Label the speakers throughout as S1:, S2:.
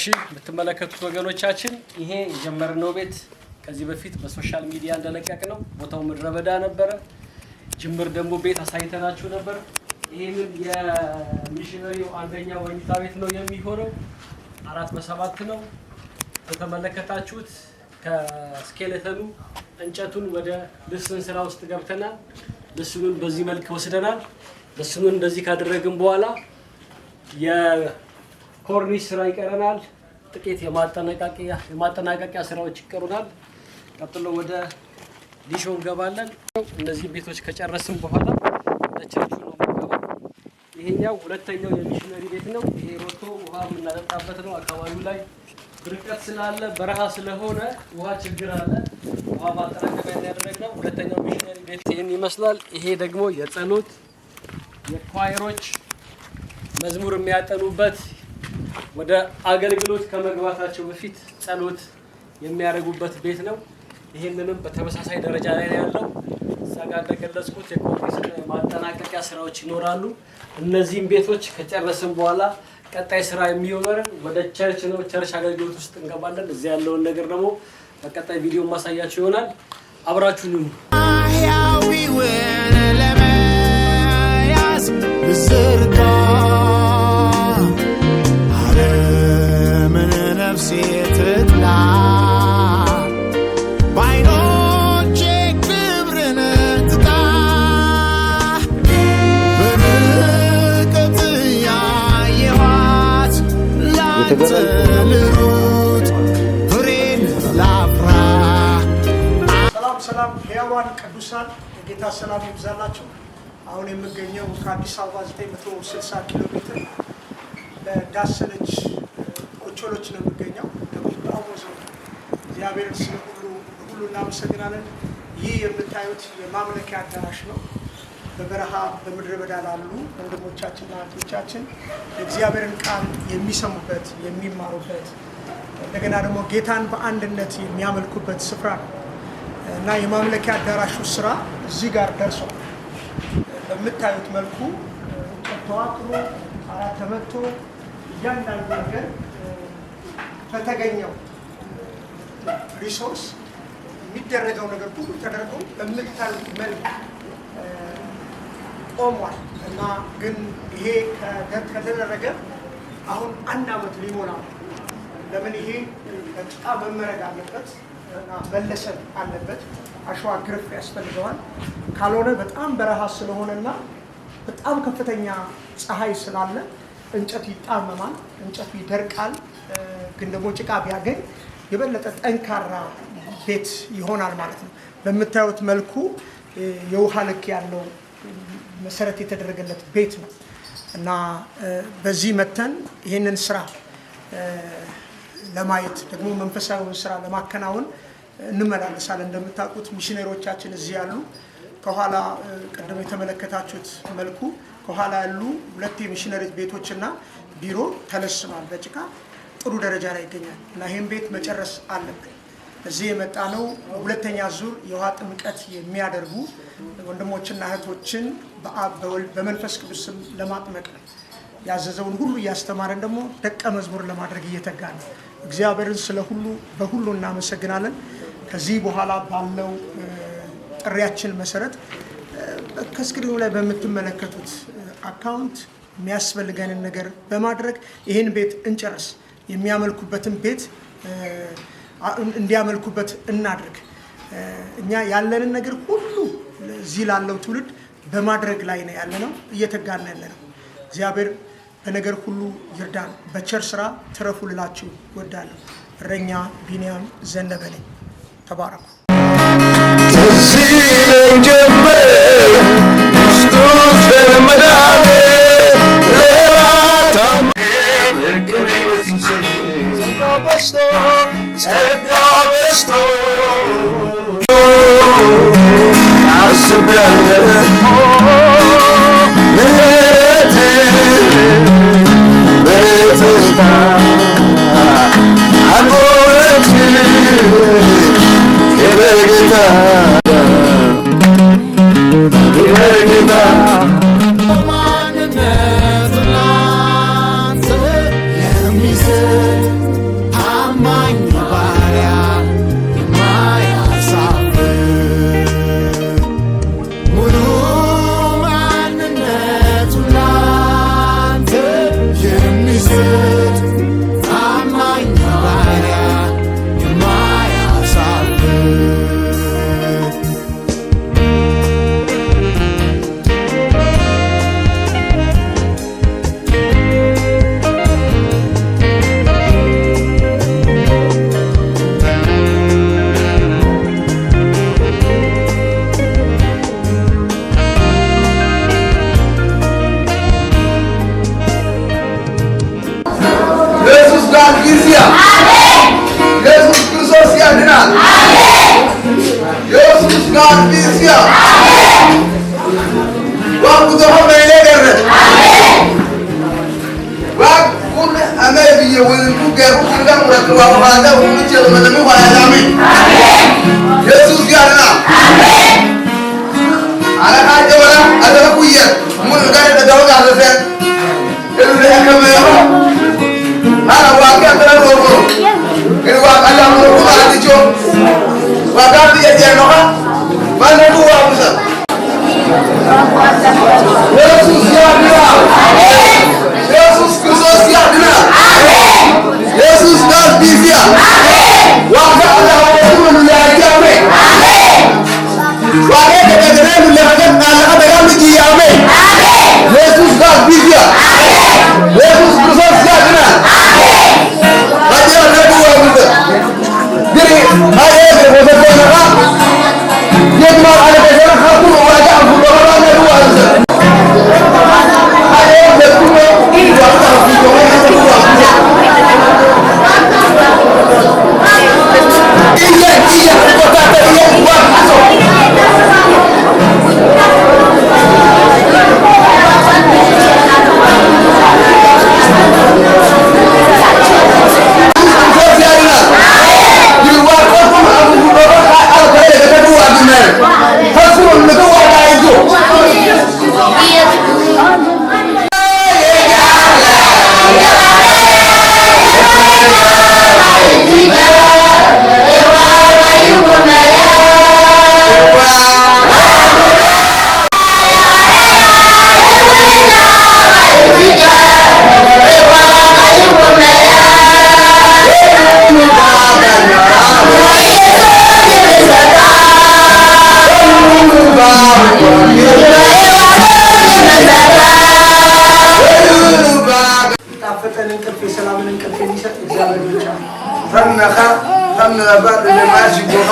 S1: እሺ የምትመለከቱት ወገኖቻችን ይሄ የጀመርነው ቤት ከዚህ በፊት በሶሻል ሚዲያ እንደለቀቅ ነው። ቦታው ምድረ በዳ ነበረ። ጅምር ደግሞ ቤት አሳይተናችሁ ነበር። ይህንን የሚሽነሪው አንደኛ ወኝታ ቤት ነው የሚሆነው። አራት በሰባት ነው በተመለከታችሁት። ከስኬሌተኑ እንጨቱን ወደ ልስን ስራ ውስጥ ገብተናል። ልስኑን በዚህ መልክ ወስደናል። እሱን እንደዚህ ካደረግን በኋላ የኮርኒስ ስራ ይቀረናል። ጥቂት የማጠናቀቂያ የማጠናቀቂያ ስራዎች ይቀሩናል። ቀጥሎ ወደ ሊሾ እንገባለን። እነዚህ ቤቶች ከጨረስን በኋላ ይሄኛው ሁለተኛው የሚሽነሪ ቤት ነው። ይሄ ሮቶ ውሃ የምናጠጣበት ነው። አካባቢው ላይ ርቀት ስላለ በረሃ ስለሆነ ውሃ ችግር አለ። ውሃ ማጠናቀቂያ ያደረግነው ሁለተኛው ሚሽነሪ ቤት ይህን ይመስላል። ይሄ ደግሞ የጸሎት የኳይሮች መዝሙር የሚያጠኑበት ወደ አገልግሎት ከመግባታቸው በፊት ጸሎት የሚያደርጉበት ቤት ነው። ይህንንም በተመሳሳይ ደረጃ ላይ ያለው እዛ ጋር እንደገለጽኩት የኮንግሬስ ማጠናቀቂያ ስራዎች ይኖራሉ። እነዚህም ቤቶች ከጨረስን በኋላ ቀጣይ ስራ የሚሆነን ወደ ቸርች ነው። ቸርች አገልግሎት ውስጥ እንገባለን። እዚያ ያለውን ነገር ደግሞ በቀጣይ ቪዲዮ ማሳያቸው ይሆናል። አብራችሁንም
S2: ልዘርጋ ዓለምን ነፍሴ ትጥላ በዓይኖቼ ክብርን ትካ በርቀት ላፍራ
S3: ሰላም ሰላም ሕያዋን ቅዱሳን የጌታ ሰላም ይብዛላቸው አሁን የምገኘው ከአዲስ አበባ 960 ኪሎ ሜትር በዳሰነች ኦቾሎች ነው የምገኘው። ደቡብ ዞን እግዚአብሔር ስለ ሁሉ ሁሉ እናመሰግናለን። ይህ የምታዩት የማምለኪያ አዳራሽ ነው። በበረሃ በምድረ በዳ ላሉ ወንድሞቻችንና እህቶቻችን የእግዚአብሔርን ቃል የሚሰሙበት የሚማሩበት እንደገና ደግሞ ጌታን በአንድነት የሚያመልኩበት ስፍራ ነው እና የማምለኪያ አዳራሹ ስራ እዚህ ጋር ደርሷል። በምታዩት መልኩ እንጨት ተዋቅሮ አራት ተመቶ እያንዳንዱ ነገር በተገኘው ሪሶርስ የሚደረገው ነገር ሁሉ ተደርጎ በምታዩት መልክ ቆሟል እና ግን ይሄ ከተደረገ አሁን አንድ አመት ሊሞላ ለምን ይሄ በጣም መመረግ አለበት እና መለሰን አለበት። አሸዋ ግርፍ ያስፈልገዋል። ካልሆነ በጣም በረሃ ስለሆነና በጣም ከፍተኛ ፀሐይ ስላለ እንጨቱ ይጣመማል፣ እንጨቱ ይደርቃል። ግን ደግሞ ጭቃ ቢያገኝ የበለጠ ጠንካራ ቤት ይሆናል ማለት ነው። በምታዩት መልኩ የውሃ ልክ ያለው መሰረት የተደረገለት ቤት ነው እና በዚህ መተን ይህንን ስራ ለማየት ደግሞ መንፈሳዊውን ስራ ለማከናወን እንመላለሳለን። እንደምታውቁት ሚሽነሪዎቻችን እዚህ ያሉ ከኋላ ቀደም የተመለከታችሁት መልኩ ከኋላ ያሉ ሁለት የሚሽነሪ ቤቶችና ቢሮ ተለስኗል በጭቃ ጥሩ ደረጃ ላይ ይገኛል እና ይህም ቤት መጨረስ አለብን። እዚህ የመጣ ነው ሁለተኛ ዙር የውሃ ጥምቀት የሚያደርጉ ወንድሞችና እህቶችን በአብ በወልድ በመንፈስ ቅዱስ ስም ለማጥመቅ ያዘዘውን ሁሉ እያስተማረን ደግሞ ደቀ መዝሙር ለማድረግ እየተጋ ነው። እግዚአብሔርን ስለ ሁሉ በሁሉ እናመሰግናለን። ከዚህ በኋላ ባለው ጥሪያችን መሰረት ከስክሪኑ ላይ በምትመለከቱት አካውንት የሚያስፈልገንን ነገር በማድረግ ይህን ቤት እንጨርስ፣ የሚያመልኩበትን ቤት እንዲያመልኩበት እናድርግ። እኛ ያለንን ነገር ሁሉ እዚህ ላለው ትውልድ በማድረግ ላይ ነው ያለነው፣ እየተጋነ ያለ ነው። እግዚአብሔር በነገር ሁሉ ይርዳን፣ በቸር ስራ ትረፉ ልላችሁ ወዳለሁ። እረኛ ቢንያም ዘነበ ነኝ። ተባረኩ።
S2: I'm going to voltar.
S4: وقتهم إلى قرر وقل أمابي والمقر كل أمرك وهذا هو مجل من المهاجم يسوع قالنا على حاجة ولا أدرك وياك من قال تدعوك على زين إلو لها كما يرى أنا واقع ترى الورور إلو واقع الله مرور على ديجو وقال لي أجينوها ما نبوها مزا Jesus se
S5: abrirá.
S4: Jesus cruzou se
S5: abrirá.
S4: Jesus nas dizia.
S5: Amém.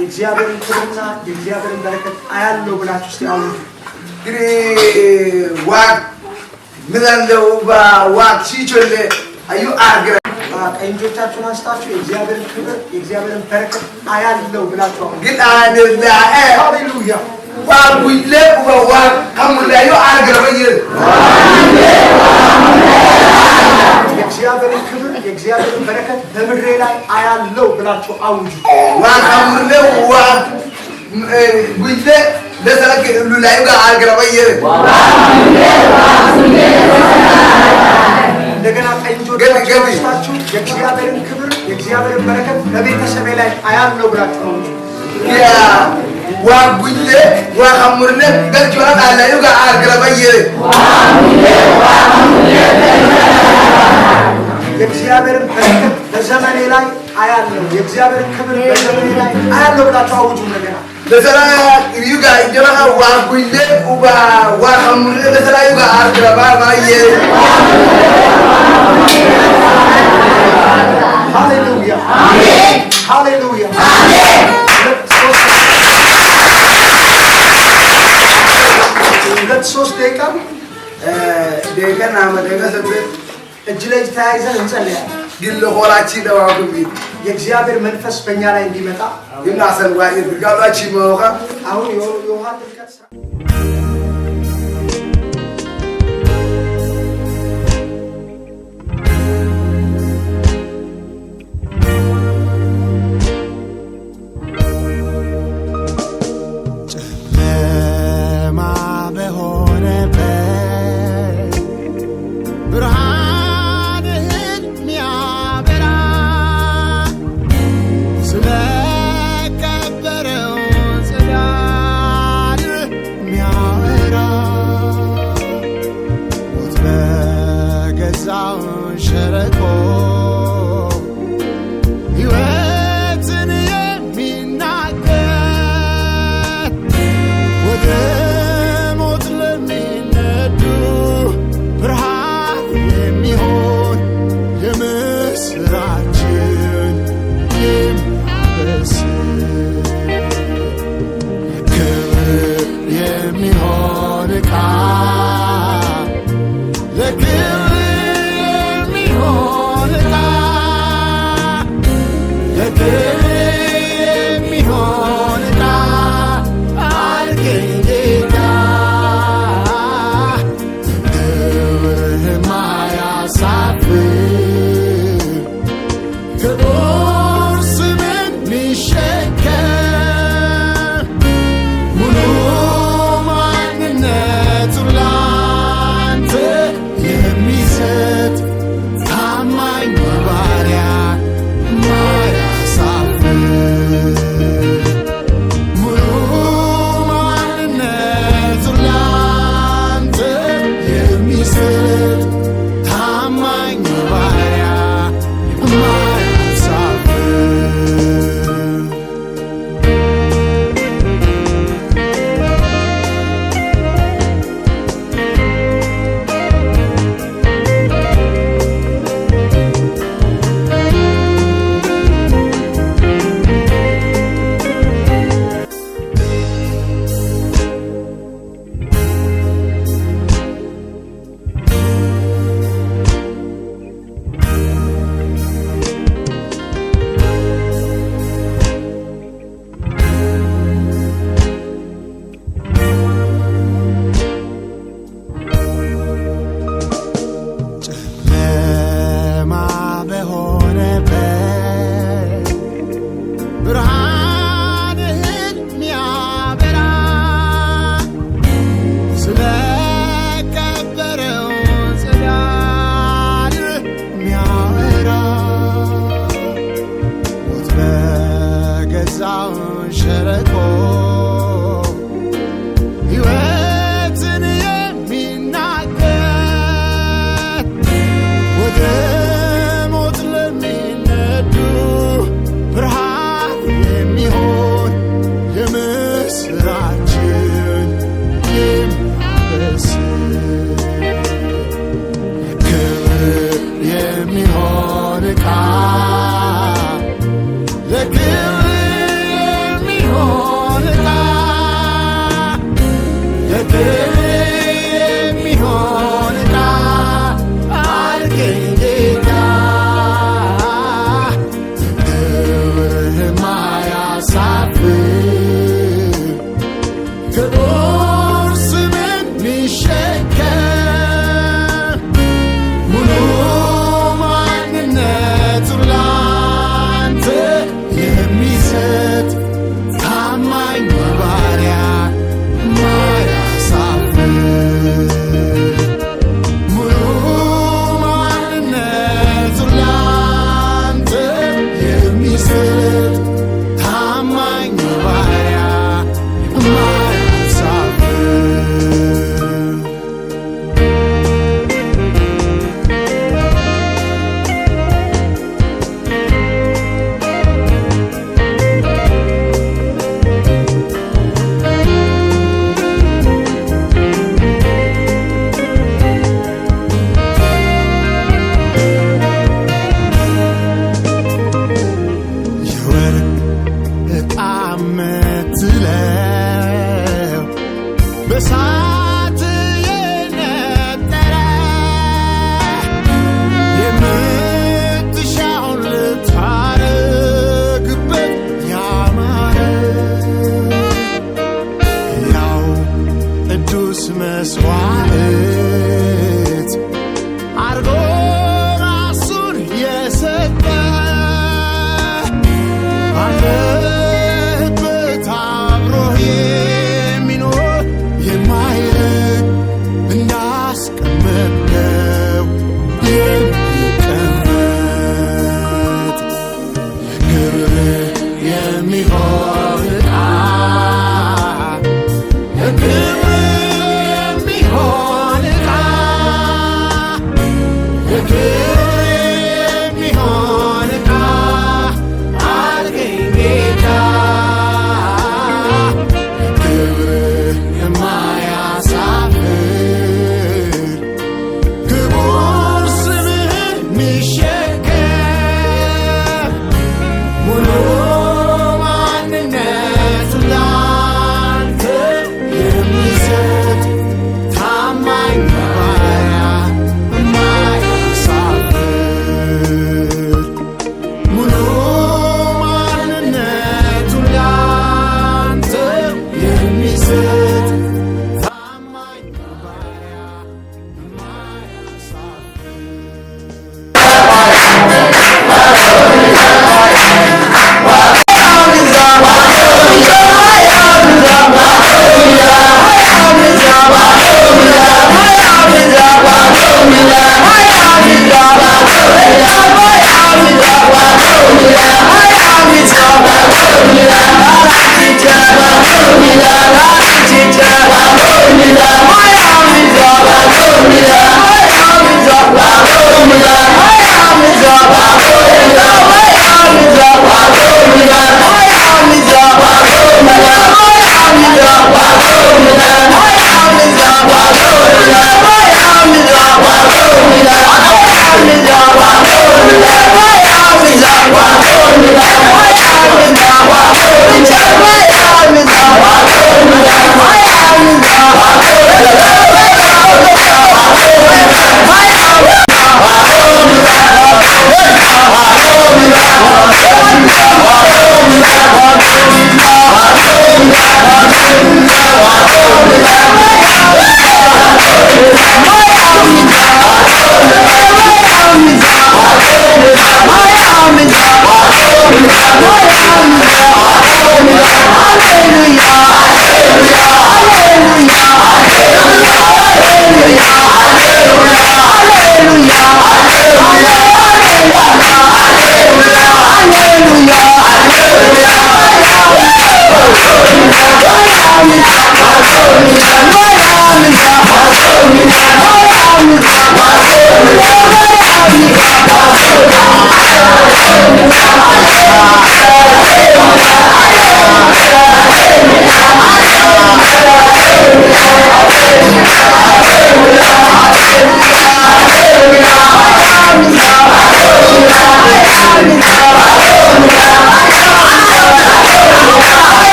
S6: የእግዚአብሔርን ክብርና የእግዚአብሔርን በረከት አያለው ብላችሁ ስ አሁን
S4: እንግዲህ ዋግ ምላለው ዋግ ሲችል አዩ አርግረ
S6: ቀኝጆቻችሁን እጆቻችሁን አንስታችሁ የእግዚአብሔርን ክብር የእግዚአብሔርን በረከት አያለው ብላችሁ
S4: ግን አደላ ሃሌሉያ ዋጉ ይለቁ ዋግ አሙላዩ አርግረ በየ
S6: የእግዚአብሔርን ክብር የእግዚአብሔርን በረከት በምድሬ ላይ አያለው ብላችሁ አውጁ። እንደገና ቀኝጆቻችሁ የእግዚአብሔርን ክብር የእግዚአብሔርን በረከት በቤተሰቤ ላይ አያለው ብላችሁ አውጁ።
S4: ዋጉለ ዋሐሙርነ በጆራት አላዩ ጋር አግረበየረ
S6: የእግዚአብሔርን በረከት በዘመኔ ላይ አያለው፣ የእግዚአብሔርን ክብር በዘመኔ ላይ አያለው ብላችሁ አውጁ። እንደገና ሁለት ሶስት ደቂቃ ደቂቃና መደቂቃ እጅ ለእጅ ተያይዘን እንጸልያለን።
S4: ግን ለሆላችን ለዋጉቢ
S6: የእግዚአብሔር መንፈስ በእኛ ላይ እንዲመጣ ይናሰልዋ ድርጋባችን መወቃ አሁን የውሃ ጥልቀት
S2: Jericó.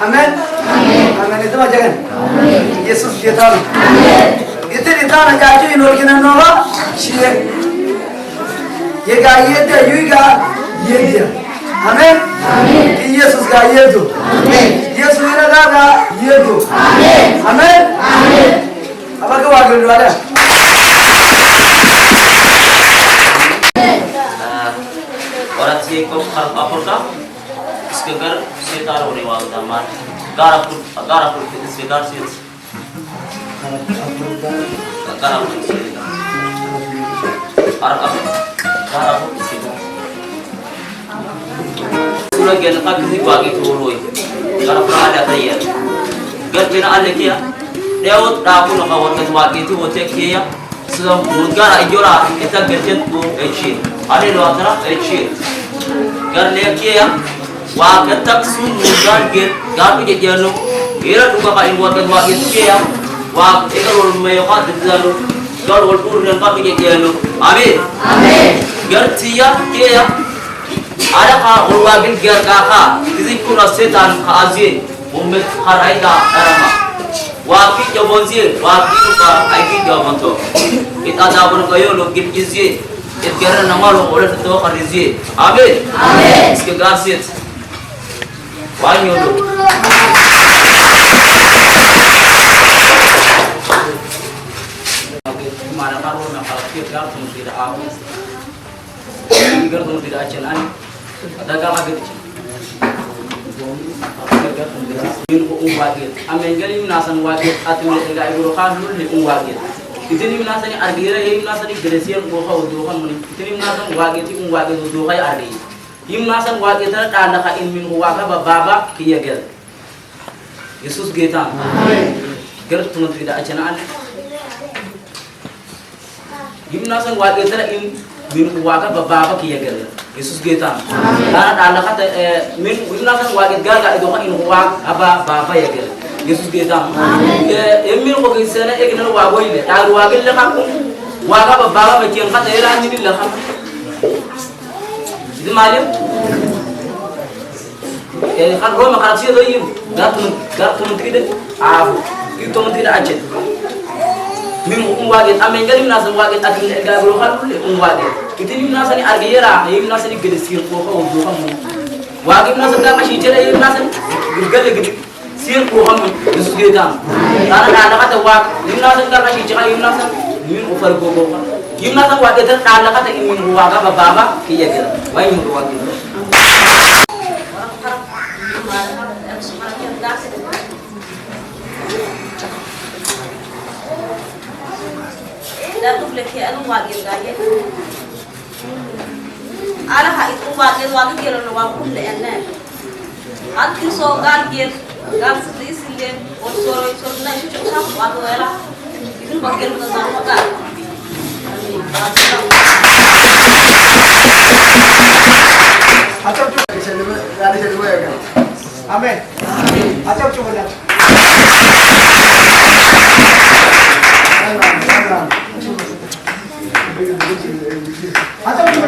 S7: 아멘.
S5: 아멘. 이들 맞아요.
S7: 예수 기도하라. 이들 이따는 가지 놀기는 놀아. 시에 얘가 얘들 유이가 얘들. 아멘.
S5: 아멘.
S7: 예수가 얘도.
S5: 아멘.
S7: 예수이라가 얘도.
S5: 아멘. 아멘. 아멘.
S7: 아빠 그 와글 와라.
S8: और अच्छी एक पापड़ का skagar sitar ore wal damar garapur garapur ke sitar sit garapur ke sitar garapur ke sitar pura gen ka kisi bagi garapur ada tayar gar bina ale kya Dewa tahu nak awak kat sebab itu hotel kaya sudah buka raja lah kita kerja tu ecir eh, ada dua tera ecir eh, kerja kaya wakil sunu wakataksumugargejano dan dukakalingwaketwaketugea waekalolumeyokatizano galwolpurunankapikejano amin amin gartiya keya ada ka olwagin gerkaka tizikuna setan ka azie ummet karaida karama waki jabonzie waki ka aiki jabanto kita jabon kayo logit jizie it gerna namalo oleh to kharizie amin
S5: amin iske
S8: garsit Banyo dulu. Mana karo na kalakir gal tidak aku. tidak ani. Ada lagi di sini. wajib ko ini nasan enggak ibu rokan dulu le uwagir. Itini argira, ini minasani gresian, gua kau doa kan muni. ini wagir doa kayak argira. ይማሰን ዋቄተ ቃለ ኸኢን ሚንሁ በባባ ክየገር ኢየሱስ ጌታ ገር ትምህርት ቢዳችን አለ ይምናሰን ዋቄተ ኢን ሚንሁ ዋጋ በባባ ክየገር ኢየሱስ ጌታ ቃለ ቃለ ኸ ሚን ይምናሰን ዋቄተ ጋር ጋር ይዶኸ ኢን ሁዋ አባ ባባ የገር ኢየሱስ ጌታ የሚል ወገሰነ እግነ ዋጎይለ ዳሩ ዋግለ ኸቁ ዋጋ በባባ በጀን ኸ ተላኝን ለኸ Bizim malam eh kan Roma kan sih tuh yum. Gak tuh gak tuh menteri deh. Ah, itu menteri aja. Mim umwaget, amin ah, jadi minasa umwaget, atin ah, gak berukan umwaget. Kita ini minasa ini argiyera, ya, ya, ini minasa ini gede sir kuha umwaget. Kan, Wagib minasa gak masih cerai ini minasa gede gede sir kuha umwaget. Yesus dia dam. Karena ada kata wag, ini minasa gak masih cerai kan, ini minasa min ufar kuha umwaget. Gimna ta wade ta kala ka ta imin ruwa ga bababa kiya gira. Wai mu ruwa gina.
S9: Da duble ke an wa gira ga Ala ha itu wa gira wa gira no wa kulle enne. Al ki so gal gira gal sri sile or soro soro na chu chu wa do ela. Ibn bakir no na wa gal.
S7: Amen.
S5: Amen. Até o
S7: último olhar. Até o último